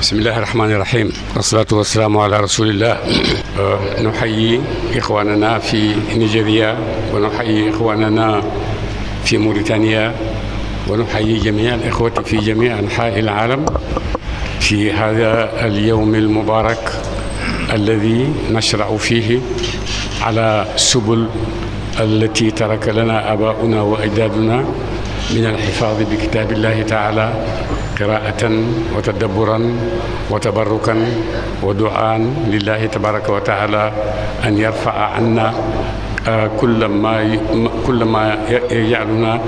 بسم الله الرحمن الرحيم والصلاة والسلام على رسول الله نحيي إخواننا في نيجيريا ونحيي إخواننا في موريتانيا ونحيي جميع الإخوة في جميع أنحاء العالم في هذا اليوم المبارك الذي نشرع فيه على سبل التي ترك لنا آباؤنا وأجدادنا من الحفاظ بكتاب الله تعالى قراءة وتدبرا وتبركا ودعاء لله تبارك وتعالى أن يرفع عنا آه، كل ما كل ما يجعلنا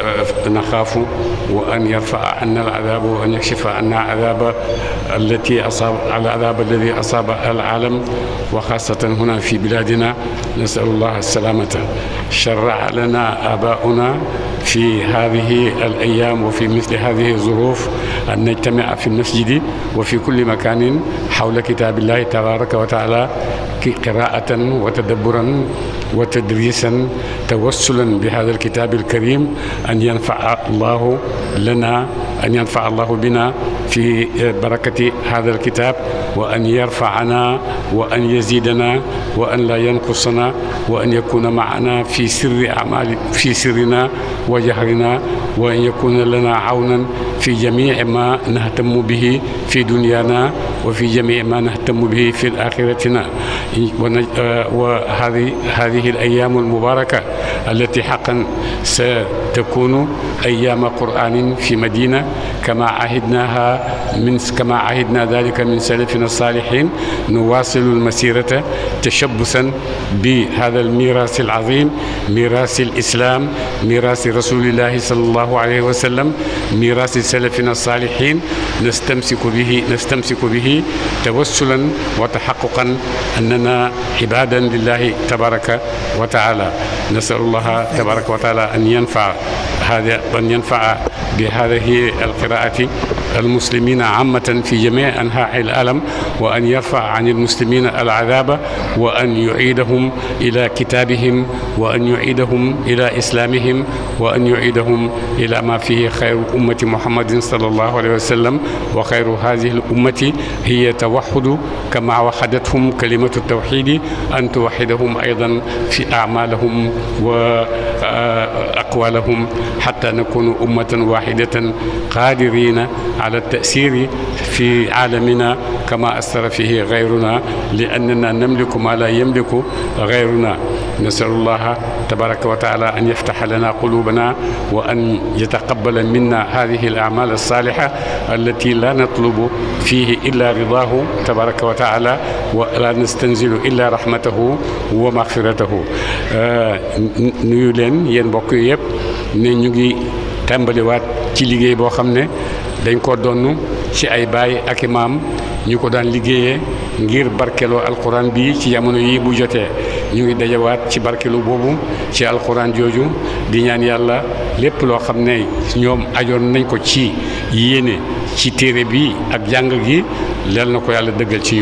آه، نخاف وأن يرفع عنا العذاب وأن يكشف عنا عذاب التي أصاب العذاب الذي أصاب العالم وخاصة هنا في بلادنا نسأل الله السلامة شرع لنا آباؤنا في هذه الأيام وفي مثل هذه الظروف أن نجتمع في المسجد وفي كل مكان حول كتاب الله تبارك وتعالى قراءة وتدبرا وتدريسا توسلا بهذا الكتاب الكريم أن ينفع الله لنا أن ينفع الله بنا في بركة هذا الكتاب وأن يرفعنا وأن يزيدنا وأن لا ينقصنا وأن يكون معنا في سر أعمال في سرنا وجهرنا وأن يكون لنا عونا في جميع ما نهتم به في دنيانا وفي جميع ما نهتم به في آخرتنا آه، وهذه هذه الأيام المباركة التي حقا ستكون أيام قرآن في مدينة كما عهدناها من كما عهدنا ذلك من سلفنا الصالحين نواصل المسيرة تشبثا بهذا الميراث العظيم ميراث الإسلام ميراث رسول الله صلى الله عليه وسلم ميراث سلفنا الصالحين نستمسك به نستمسك به توسلا وتحققا اننا عبادا لله تبارك وتعالى نسال الله تبارك وتعالى ان ينفع هذا ان ينفع بهذه القراءه المسلمين عامة في جميع أنحاء العالم وأن يرفع عن المسلمين العذاب وأن يعيدهم إلى كتابهم وأن يعيدهم إلى إسلامهم وأن يعيدهم إلى ما فيه خير أمة محمد صلى الله عليه وسلم وخير هذه الأمة هي توحد كما وحدتهم كلمة التوحيد أن توحدهم أيضا في أعمالهم وأقوالهم أقوالهم حتى نكون أمة واحدة قادرين على التأثير في عالمنا كما أثر فيه غيرنا لأننا نملك ما لا يملك غيرنا نسأل الله تبارك وتعالى أن يفتح لنا قلوبنا وأن يتقبل منا هذه الأعمال الصالحة التي لا نطلب فيه إلا رضاه تبارك وتعالى ولا نستنزل إلا رحمته ومغفرته نيولين ينبقى يب نيجي تنبلوات تلقي بوخمنا دينكودون شي أي باي أكمام ñu ko ngir barkeloo alquran bi ci jamono yi bu jotee ñu ngi dajawaat ci barkelu boobu ci alxuraan jooju di ñaan yàlla lépp loo xam ne ñoom ajoon nañ ko ci yéene ci téere bi ak jàng gi yal na ko yàlla dëggal ci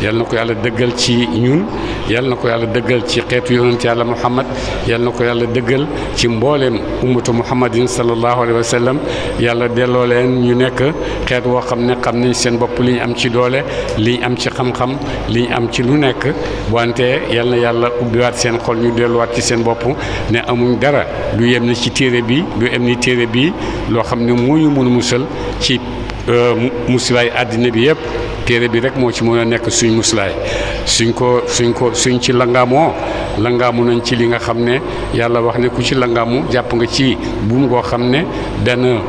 ñun ko yàlla dëggal ci ñun yal na ko yàlla dëggal ci xeetu yonent yàlla muhammad yal na ko yàlla dëggal ci mbooleem ummatu muhammadin sallallahu alayhi wa sallam yàlla delloo leen ñu nekk xeet woo xam ne xam nañ seen bopp li ñu am ci doole li ñu am ci xam-xam li ñu am ci lu nekk wante yàlla ubbiwaat seen xol ñu delluwaat ci seen bopp ne amuñ dara du yem ni ci téere bi du yem ni téere bi loo xam ne moo ñu mën a musal ci euh, musulaay àddina bi yëpp téere bi rek moo ci mën a nekk suñ musulaay suñ ko suñ ko suñ ci langaamoo langaamu nañ ci li nga xam ne yàlla wax ne ku ci langaamu jàpp nga ci buum goo xam ne benn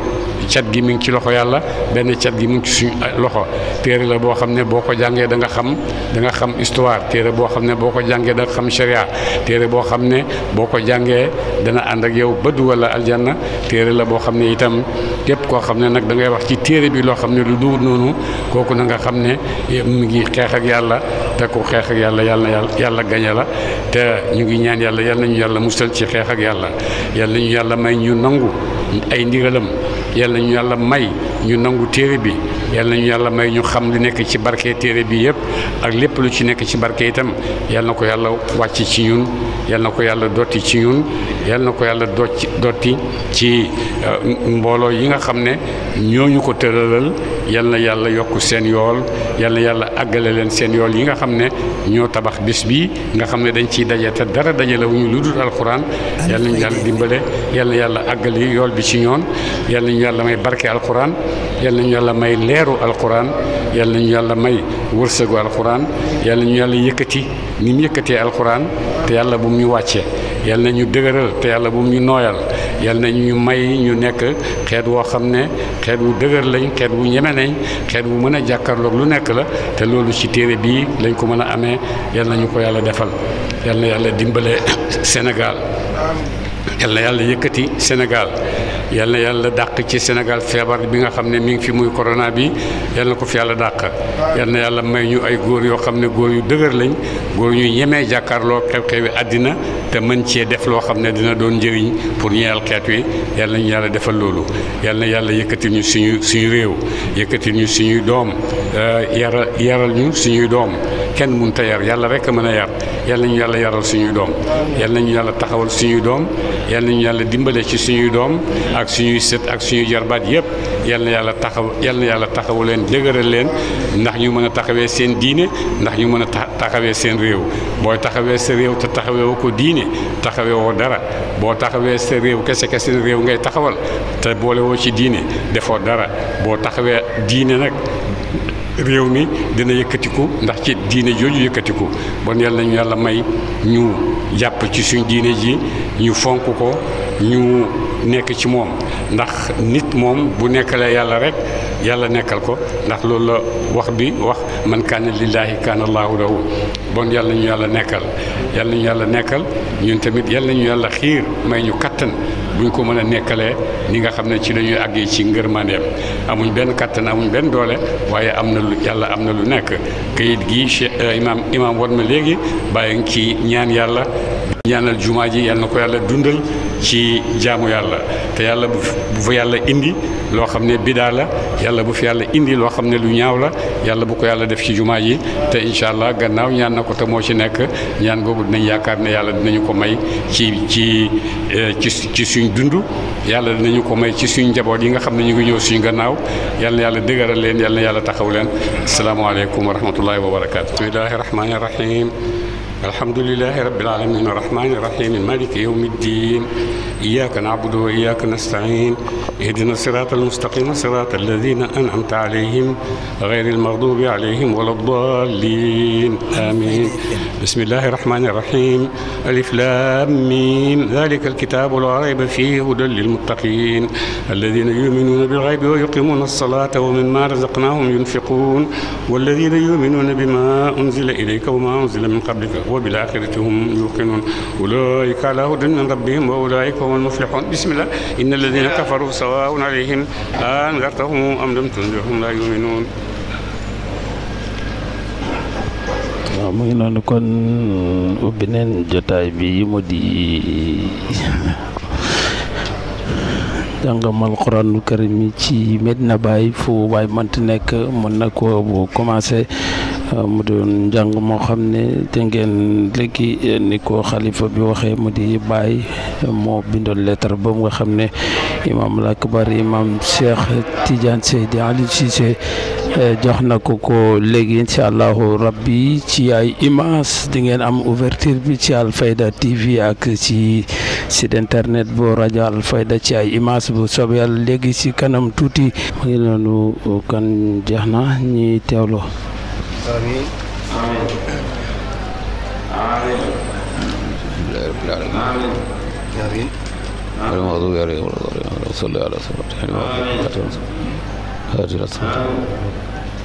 cat gi mu ngi ci loxo yàlla benn cat gi mu ngi ci suñu ah, loxo téere la boo xam ne boo ko jàngee da nga xam da xam histoire téere boo xam ne boo ko jàngee da xam sharia téere boo xam ne boo ko jàngee dana ànd ak yow bëdd wala aljanna téere la boo xam ne itam képp koo xam ne nag dangay wax ci téere bi loo xam ne lu duur noonu kooku na nga xam ne mu ngi xeex yàlla te ku yàlla yàlla na yàlla gañe la te ñu ngi ñaan yàlla yàlla nañu yàlla musal ci xeex ak yàlla yàlla nañu yàlla may ñu nangu ay ndigalam yàlla ñu yàlla may ñu nangu téere bi yàlla ñu yàlla may ñu xam lu nekk ci barke téere bi yëpp ak lépp lu ci nekk ci barke itam yàlla na ko yàlla wàcc ci ñun yàlla na ko yàlla dotti ci ñun yàlla ko yàlla dotti dotti ci euh, mbooloo yi nga xam ne ñooñu ko tëralal yal na yàlla yokk seen yool yal na yàlla àggale leen seen yool yi nga xam ne ñoo tabax bis bi nga xam ne dañ ciy daje te dara dajale wu ñu lu dul alxuraan yal nañu yàlla dimbale yal na yàlla àggal yi yool bi ci ñoon yal ñu yàlla may barke alxuraan yal nañu yàlla may leeru alxuraan yal nañu yàlla may wërsëgu alxuraan yal nañu yàlla yëkkati ni mu yëkkatee alxuraan te yàlla bu mu ñu wàccee yal na ñu dëgëral te yàlla bu mu ñu nooyal yal nañ ñu may ñu nekk xeet woo xam ne xeet wu dëgër lañ xeet wu ñeme nañ xeet wu mën a jàkkarlook lu nekk la te loolu ci téere bii lañ ko mën a amee yal nañu ko yàlla defal yal na yàlla dimbale Sénégal yal na yàlla yëkkati Sénégal yal na yàlla dàq ci Sénégal feebar bi nga xam ne mi ngi fi muy corona bi yal na ko fi yàlla dàq yal na yàlla may ñu ay góor yoo xam ne góor yu dëgër lañ góor ñu ñemee jàkkaarloo xew-xewi àddina te mën cee def loo xam ne dina doon njëriñ pour ñeel xeet wi yal na ñu yàlla defal loolu yàlla na yàlla yëkkatil ñu suñu suñu réew yëkkatil ñu suñuy doom eh, yaral yaral ñu suñuy doom kenn mënut a yar yàlla rek a mën a yar yal nañu yàlla yaral suñuy doom yàlla nañu yàlla taxawal suñuy doom yal nañu yàlla dimbale ci suñuy doom ak suñuy sët ak suñuy jarbaat yëpp yal yàlla taxaw yal yàlla taxawu leen dëgëral leen ndax ñu mën a taxawee seen diine ndax ñu mën a tax taxawee seen réew booy taxawee sa réew te taxawee ko diine taxawee woo dara boo taxawee sa réew kese kese réew ngay taxawal te boolewoo ci diine defoo dara boo taxawee diine nag réew mi dina yëkkatiku ndax ci diine jooju yëkkatiku bon yàlla nañu yàlla may ñu jàpp ci suñ diine ji ñu fonk ko ñu nekk ci moom ndax nit moom bu nekkalee yàlla rek yàlla nekkal ko ndax loolu la wax bi wax man kaana lillaahi kaana allaahu lahu bon yàlla ñu yàlla nekkal yàlla nañu yàlla nekkal ñun tamit yàlla nañu yàlla xiir may ñu kattan buñ ko mën a nekkalee ni nga xam ne ci lañuy ñuy àggee ci ngërmandeem amuñ benn kattan amuñ benn doole waaye am na lu yàlla am na lu nekk kayit gii euh, imaam imaam war ma léegi bàyyi nga ci ñaan yàlla ñaanal jumaa ji yal na ko yàlla dundal ci jaamu yàlla te yàlla bu yàlla indi loo xam ne bidaa la yàlla bu fi yàlla indi loo xam ne lu ñaaw la yàlla bu ko yàlla def ci jumaa ji te incha allah gannaaw ñaan na ko te moo ci nekk ñaan googu dinañ yaakaar ne yàlla dinañu ko may ci ci eh, ci suñ dund yàlla dinañu ko may ci suñ njaboot yi nga xam ne ñu ngi ñëw suñ gannaaw yal yàlla dëgëral leen yàlla yàlla taxaw leen asalaamaaleykum wa rahmatullahi wa barakaatu rahmaani rahim الحمد لله رب العالمين الرحمن الرحيم مالك يوم الدين إياك نعبد وإياك نستعين اهدنا الصراط المستقيم صراط الذين أنعمت عليهم غير المغضوب عليهم ولا الضالين آمين بسم الله الرحمن الرحيم ألف لام ميم ذلك الكتاب لا ريب فيه هدى للمتقين الذين يؤمنون بالغيب ويقيمون الصلاة ومما رزقناهم ينفقون والذين يؤمنون بما أنزل إليك وما أنزل من قبلك وبالآخرة هم يوقنون أولئك على هدى من ربهم وأولئك هم المفلحون بسم الله إن الذين كفروا سواء عليهم أنذرتهم أم لم تنذرهم لا يؤمنون waaw mu ngi noonu kon ubbi neen jotaay bi mu di jàngam alxuraanul karim yi ci Medina Baye fu waay mënti nekk mën na ko bu commencé mu doon njàng moo xam ne te ngeen léegi ni ko xalifa bi waxee mu di bàyyi moo bindoon lettre boobu nga xam ne imaam al akbar imaam Cheikh Tidiane Seydi Aliou Cissé eh, jox na ko ko léegi incha allahu rabbi ci ay image di am ouverture bi ci Alfayda TV ak ci site internet bu rajo Alfayda ci ay image bu sobial yàlla léegi ci kanam tuuti mu ngi noonu na ñi teewloo آمين آمين آمين آمين آمين المغضوب عليهم ولا الضالين صل على صراط الحمد هاجر الصراط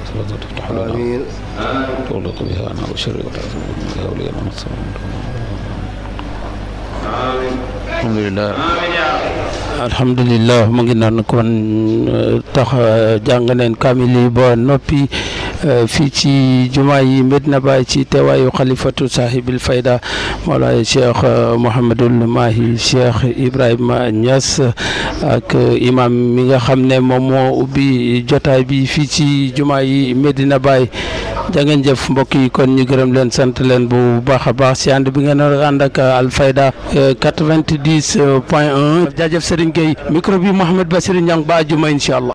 صراط تفتح لنا تغلق بها عنا وشر وتعصم بها ولينا آمين الحمد لله alhamdulillah mu ngi noonu kon eh, tax eh, jàng nañ kamil Euh, fii ci jumaa yi Medina Baye ci teewaayu xalifatu saahibil fayda moolaay cheikh euh, Mouhamadul Mahi cheikh Ibrahima ñas ak euh, imam mi nga xam ne moom moo ubbi jotaay bi fii ci jumaa yi Medina Baye jangeen jëf mbokk yi kon ñu gërëm leen sant leen bu baax a baax si ànd bi ngeen ànd ak Alfayda 90 point 1 jaajëf Serigne Gueye micro bi Mouhamed Bassirou Niang ba ajuma incha allah